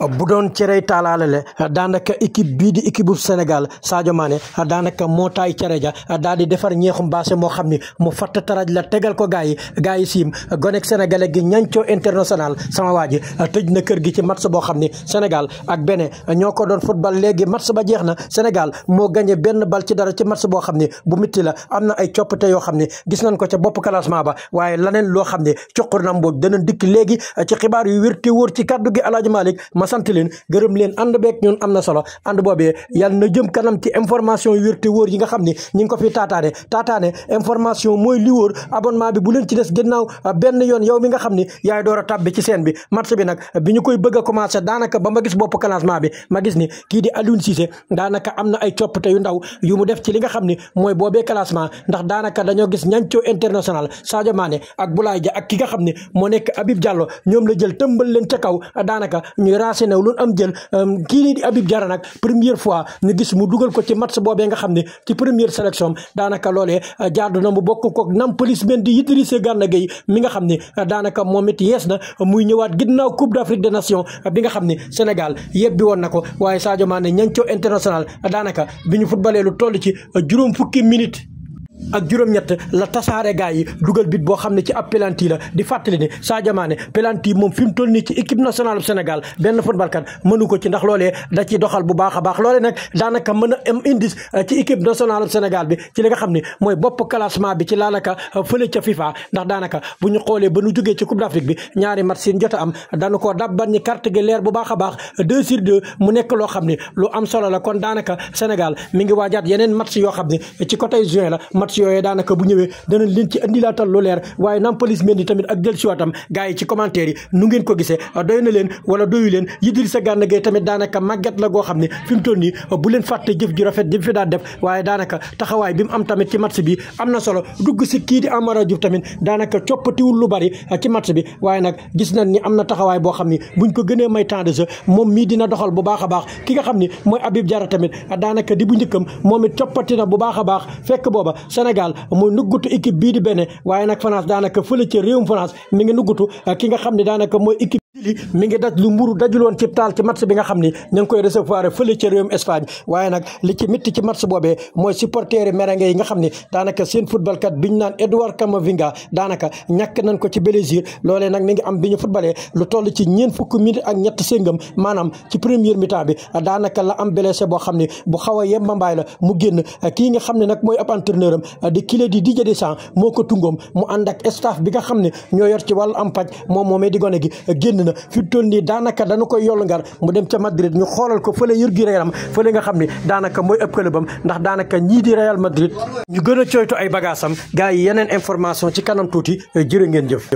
bu doon cerey taalaale le daanaka équipe bii di équipe bu Sénégal Sadio Mané daanaka mootaay taay cere ja daal di defar ñeexum baase moo xam ni moo fatt taraj la tegal ko gars yi gars yi siim gonek sénégalais gi ñancoo international sama waa ji tëj na kër gi ci match boo xam ni Sénégal ak Bénin ñoo ko doon football léegi match ba jeex na Sénégal moo gagné benn bal ci dara ci match boo xam ni bu mitti la am na ay coppite yoo xam ni gis nañ ko ca bopp classement ba waaye laneen xam ne cuqur na mbooj dana dikk léegi ci xibaar yu wér te ci kaddu gi Alaaji ma sant leen gërëm leen ànd beeg ñun am na solo ànd boobee yàlla na jëm kanam ci information yu wér te wóor yi nga xam ni ñi ngi ko fi taataane taataane information mooy li wóor abonnement bi bu leen ci des gannaaw benn yoon yow mi nga xam ni yaay door a tàbbi ci seen bi match bi nag bi ñu koy bëgg a commencé daanaka ba ma gis bopp classement bi ma gis ni kii di Aliou Cissé daanaka am na ay coppite yu ndaw yu mu def ci li nga xam ni mooy boobee classement ndax daanaka dañoo gis ñancoo international Sadio Mané ak Boulaye Dia ak ki nga xam ni moo nekk Habib Diallo ñoom la jël tëmbal leen ca kaw daanaka enchaîné wu loolu am jël euh, kii nii di Habib Diarra nag première fois ñu gis mu dugal ko ci match boobee nga xam ne ci première sélection daanaka loolee euh, jaadu na mu bokk ko Nampalys Mendy Idrissa Gana Gueye mi nga xam ne euh, daanaka moom it yees na muy ñëwaat ginnaaw Coupe d'Afrique des Nations bi nga xam ne Sénégal yebbi woon na ko waaye Sadio Mané ñancoo international daanaka bi ñu footballee lu toll ci juróom fukki minit ak juróom-ñett la tasaare gaay yi dugal bit boo xam ne ci ab pelanti la di fàttali ne Sadio Mané pelanti moom fi toll nii ci équipe nationale bu Sénégal benn footballkat mënu ko ci ndax loolee da ciy doxal bu baax a baax loolee nag daanaka mën a am indice euh, ci équipe nationale bu Sénégal bi ci li nga xam ne mooy bopp classement bi ci laanaka euh, fële ca FIFA ndax daanaka bu ñu xoolee ba nu jógee ci Coupe d'Afrique bi ñaari match seen jot a am dañu koo dabban ñi carte gi leer bu baax a baax deux sur deux mu nekk loo xam ne lu am solo la kon daanaka Sénégal mi ngi waajaat yeneen match yoo xam ne ci côté juin yooyu daanaka bu ñëwee danañ leen ci indilaatal lu leer waaye Nampalys Mendy tamit ak dellusiwaatam gars yi ci commentaire yi nu ngeen ko gisee doy na leen wala doyu leen Idrissa Gana Gueye tamit daanaka màgget la goo xam ne fi mu toll nii bu leen fàtte jëf ju rafet di fi daan waaye daanaka taxawaay bi mu am tamit ci match bi am na solo dugg si kii di a Diouf tamit daanaka coppatiwul lu bari ci match bi waaye nag gis nañ ni am na taxawaay boo xam ni buñ ko gënee may temps moom mii dina doxal bu baax a baax ki nga xam ni mooy Habib jara tamit daanaka di bu njëkkam moom it coppati na bu baax a baax fekk booba Sénégal Sénégal mooy nuggutu équipe bii di waaye nag France daanaka fële ca réewum France nuggutu ki nga xam ne daanaka mooy équipe mi ngi daj lu mburu dajuloon ci taal ci match bi nga xam ni ñu ngi koy recevoir fële ca réewum Espagne waaye nag li ci métti ci match boobee mooy supporters yi yi nga xam ni daanaka seen football kat naan Edouard Camavinga daanaka ñàkk nañ ko ci Brésil loolee nag mi ngi am bi ñu lu toll ci ñeent fukki minute ak ñett séngam maanaam ci première mi bi daanaka la am blessé boo xam ni bu xaw a la mu génn kii nga xam ne nag mooy ab entraîneur am di kile di Didier Deschamps moo bi nga xam ne ñoo yor ci wàllu am paj moom moomee na fi mu nii daanaka dañu koy yollu ngar mu dem ca Madrid ñu xoolal ko fële yërgi yaram fële nga xam ni daanaka mooy ëpp këlëbam ndax daanaka ñii di Real Madrid ñu gën a coytu ay bagaasam gars yi yeneen information ci kanam tuuti jërë ngeen jëf